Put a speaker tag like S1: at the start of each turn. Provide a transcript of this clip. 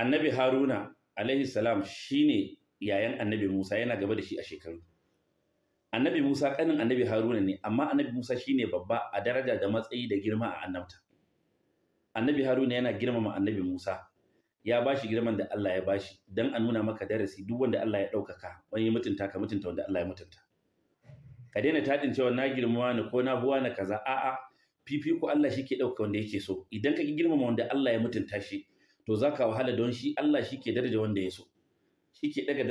S1: annabi haruna alaihi salam shine yayan annabi musa yana gaba da shi a shekaru annabi musa kanin annabi haruna ne amma annabi musa ne babba a daraja da matsayi da girma a annabta annabi haruna yana girmama annabi musa ya bashi girman da Allah ya bashi dan a nuna maka darasi duk wanda Allah ya daukaka wani ya mutunta ka mutunta wanda Allah ya mutunta ka daina taɗin cewa na girmama ne ko na buwa na kaza a'a fifiko Allah shi ke ɗauka wanda yake so idan ka girmama wanda Allah ya mutunta shi to zaka wahala don shi Allah shi ke daraja wanda ya so shi ke daga